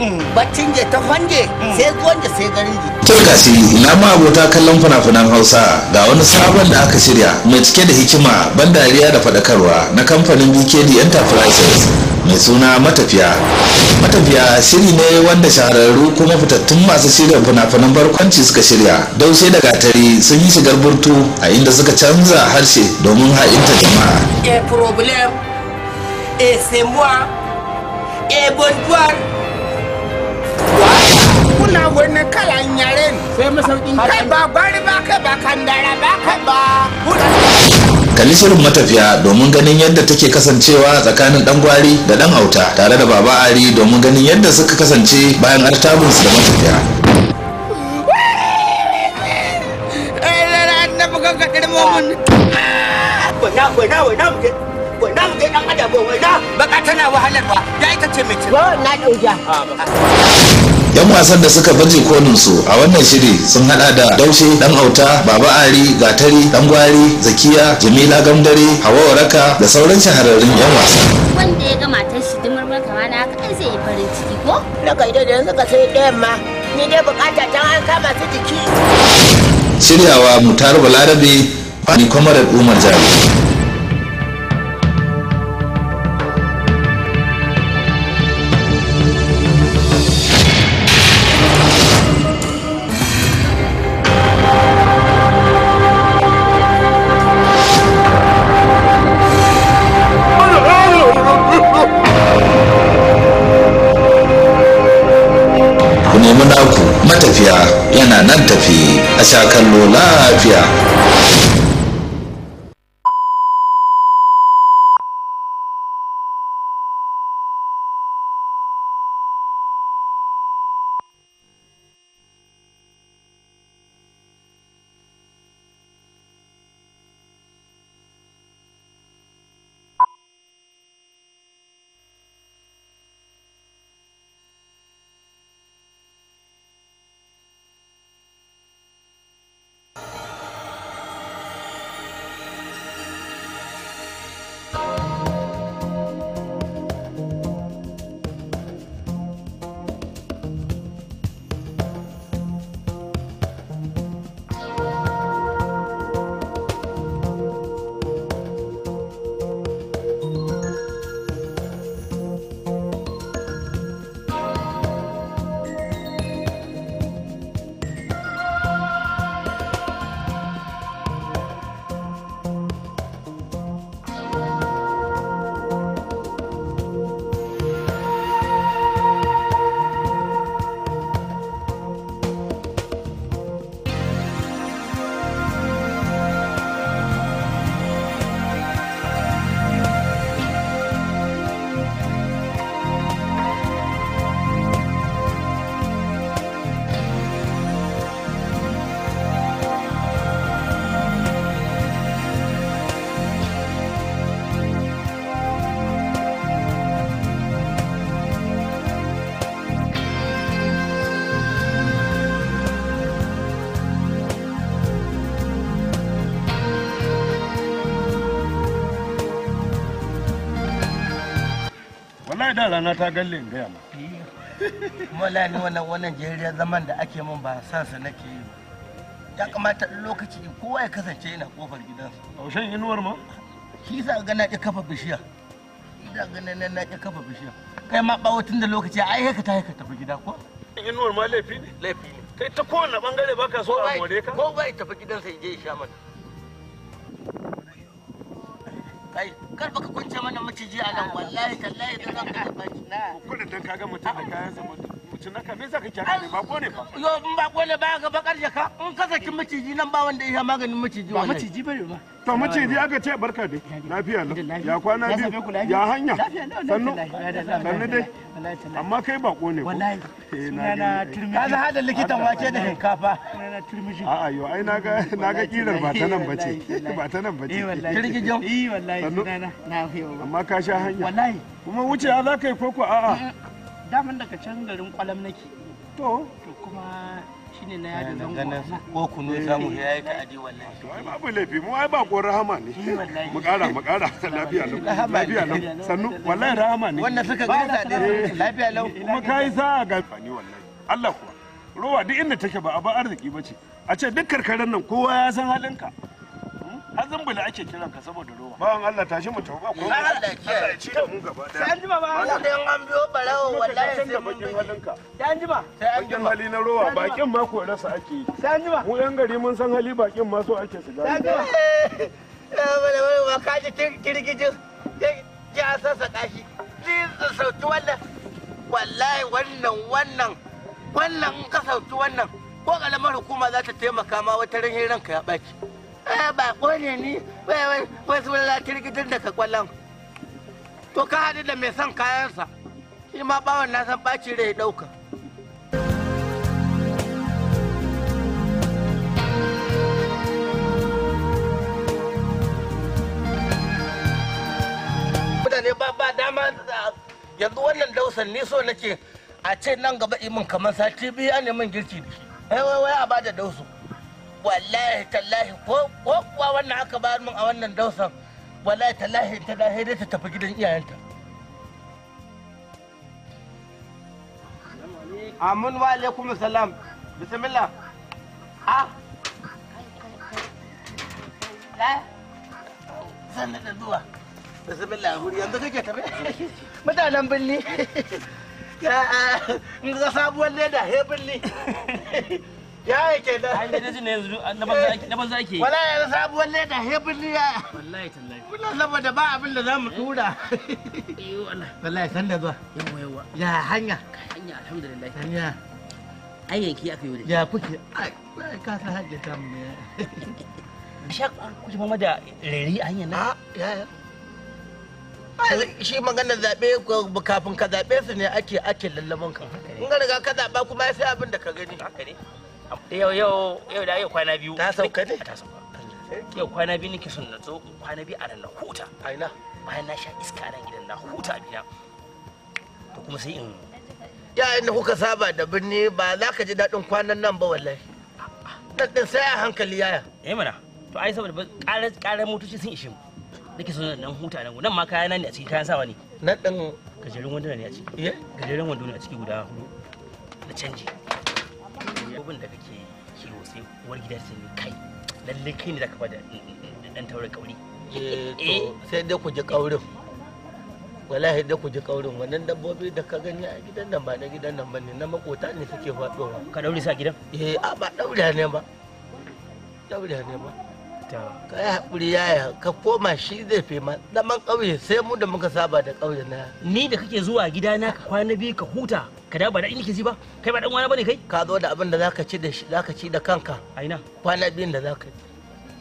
Mm. baccin je ta fange mm. sai gwanje sai garin to shi na ma abota kallon fina-finan hausa ga wani sabon da aka shirya mai cike da hikima ban dariya da faɗakarwa na kamfanin bkd enterprises mai suna matafiya matafiya shiri ne wanda shahararru kuma fitattun masu shirya fina-finan barkwanci suka shirya daushe da gatari sun yi shigar burtu a inda suka canza harshe domin ha'inta jama'a a eh, problem a eh, E, bonsoir. Kuna wani kalan yaren. Sai masaukin kai ba gwari ba kai ba kandara ba shirin matafiya domin ganin yadda take kasancewa tsakanin dan gwari da dan auta tare da baba ari domin ganin yadda suka kasance bayan su da matafiya Wait, wait, wait, mu dan adam baka tana ya ita ce ba na dauja yan wasan da suka baje konin su a wannan shiri sun hada da daushe dan auta baba ari gatari dan gwari zakiya jamila gamdare hawa waraka da sauran shahararrun yan wasa wanda ya ga matar shi dumar kama na haka ai zai yi farin ciki ko na kai da suka sai ɗayan ma ni dai bukata ta an kama su jiki shiryawa mutar balarabe fani kwamarar umar jami'a matafiya yana nan tafi a sha kallo lafiya wallahi da rana ta galle gaya ma wallahi ni wannan wannan jeriyar zaman da ake min ba san sa nake yi ya kamata lokaci in kowa ya kasance yana kofar gidansa aushen inuwar ma shi sa ga na ƙi kafa bishiya da ganin nan na ƙi kafa bishiya kai ma bawo tun da lokaci ai haka ta haka tafi gida ko inuwar ma laifi ne laifi ne kai ta kowane bangare baka so a more ka ko bai tafi gidansa ya je ya sha mana kai kar baka kunce mana maciji a nan wallahi tallahi da zan ka baki na kullun dan kaga mutum da kayan sa mutum cinaka me zaka kyaka ne bako ne ba. yo in bako ne ba ga bakar jaka in ka saki maciji nan ba wanda ya maganin maciji ba maciji bane ba to maciji aka ce barka dai lafiya lau ya kwana biyu ya hanya sannu sannu dai amma kai bako ne ko eh, sunana turmishi ka za hada likitan wake da shinkafa sunana turmishi a'a yo ai naga naga kirar ba ta nan bace ba ta nan bace eh wallahi girgijin eh wallahi sunana na fiyo amma ka sha hanya wallahi kuma wuce za ka yi koko a'a daman daga can garin kwalam nake to to kuma shine na eh, yada zango ko kunu zamu eh. ya yi ta'adi wallahi to ai babu laifi mu ai ba ko rahama ne mu kara mu kara lafiya lau lafiya lau sannu wallahi rahama ne wannan suka da din lafiya lau kuma kai sa ga fani wallahi Allah kuwa rowa duk inda take ba a ba arziki bace a ce duk karkaran nan kowa ya san halinka har zumbula ake kiran ka saboda ruwa bawan Allah tashi mu tauba ko Allah ya ci da mu gaba da an jima ba Allah dan an biyo barawo wallahi sai mun bi halinka sai an jima sai an jima hali na ruwa bakin ma ko rasa ake yi jima mu yan gari mun san hali bakin ma so ake su gani sai an jima wala eh, eh, wala wa ka ji kirgijin ya sasa kashi please sauti wannan wallahi wannan wannan wannan ka sauti wannan ko kalamar hukuma za ta taimaka ma wata ran ranka ya baki Eh, ba ne ni wasu wala kirkitar da ka kwallon to ka haɗu da mai son kayansa shi ma bawan na san ɓaci rai ɗauka mutane ba ba dama yanzu wannan dausan ne so nake a ce nan gaba imin kamar sati biyu ne min girki da shi eh, wai wai a da dausu wallahi tallahi ko kuwa wannan aka bayar min a wannan dausan wallahi tallahi ta dai ta tafi gidan iyayenta amin wa alaikum salam bismillah ah da zuwa bismillah huri yanzu kake mutanen birni in ga sabuwar leda he birni ya yi ke da ai ne ne yanzu na banza ake yi wala yanzu sabuwar leda hebin ya wallahi tallahi wallahi saboda ba abin da zamu dura wallahi san da zuwa yawa yawa ya hanya hanya alhamdulillah hanya ai yanki aka yi ya kuke ai ka san hajji ta mu ne shak kuke mama da reri a hanyar nan ah, ya ya shi magana zaɓe kafin ka zaɓe su ne ake ake lallaman ka in ga riga ka zaɓa kuma sai abin da ka gani haka ne yau yau yau da yau kwana biyu ta sauka ne ta sauka yau kwana biyu nake son na zo kwana biyu a nan na huta a bayan na sha iska nan gidan na huta a gida to kuma sai in ya inda kuka saba da birni ba za ka ji daɗin kwanan nan ba wallahi daɗin sai a hankali yaya eh mana to ai saboda ƙarar ƙarar motoci sun ishe mu nake son nan huta nan nan ma kayana ne a ciki kayan sawa ne na ɗan gajeren wanduna ne a ciki eh? gajeren ne a ciki guda hudu na canji dabbobin da kake kiwo sai uwar gida sun kai lalle kai ne zaka bada dan eh, taurin kauri eh, eh sai dai ku ji kaurin wallahi da ku ji kaurin wannan dabbobi da ka gani a gidan nan ba na gidan nan bane na makota ne suke faɗowa ka daure sa gidan eh a ba daure ne ba daure ne ba ka yi haƙuri yaya ka koma shi zai fi ma zaman ƙauye sai mu da muka saba da ƙauye na ni da kake zuwa gida na ka kwana biyu ka huta ka dawo ba da inda ji ba kai ba dan wani bane kai ka zo da abin da zaka ci da zaka ci da kanka aina kwana biyun da zaka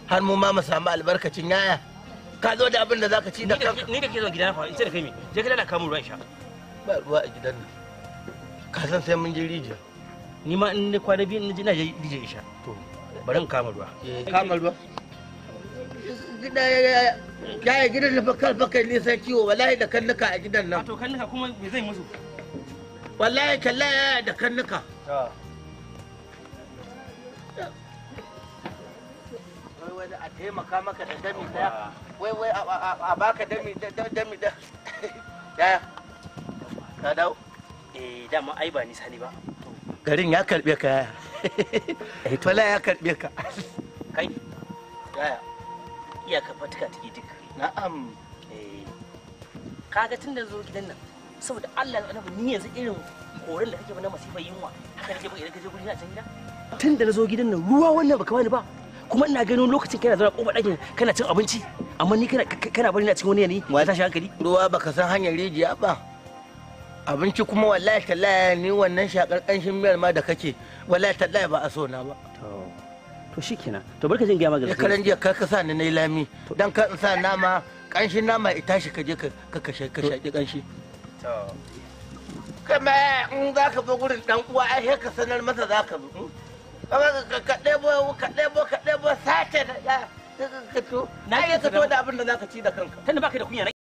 har mu ma mu samu albarkacin yaya ka zo da abin da zaka ci da kanka ni da ke zuwa gida na fa ita da kai me je ka lalaka mun ruwan sha ba ruwa a gidan nan ka san sai mun je rijiya ni ma in kwana biyun na je na je rijiya isha to bari in kama ruwa eh, kama ruwa ya yi gidan da kan ne sai kiwo wallahi da kannuka a gidan nan. Wato kannuka kuma me zai musu? Wallahi kalla ya da kannuka. Wai wai a taimaka maka da dami daya. Wai wai a baka dami da dami da. Yaya? Ka dawo? Eh dama ai ba nisa ne ba. Garin ya karbe ka yaya. Eh, wallahi ya karbe ka. Kai? Yaya? iyaka fatika yi duk na'am eh, kaga tun da zo gidan nan saboda Allah ya annabi ni yanzu irin koren da kake ba na masifar yunwa haka nake ba idan ka je gurin a can gida tun da na zo gidan nan ruwa wannan baka bani ba kuma ina ganin lokacin kana zama kofar ɗakin kana cin abinci amma ni kana kana bari na cikin wani yanayi wa tashi hankali ruwa baka san hanyar rijiya ba abinci kuma wallahi tallahi ni wannan shakar kanshin miyar ma da kake wallahi tallahi ba a so na ba to shi kenan to barka jin gaya magana karan jiya ka sa ni nayi lami dan ka sa nama kanshin nama ita shi ka je ka ka kashe ka shaki kanshi to kuma in za ka bi gurin dan uwa ai sai ka sanar masa za ka bi hmm? ka ɗebo ka ɗebo ka ɗebo sace da ka to na ka to da abin da za ka ci da kanka tana baka da kunya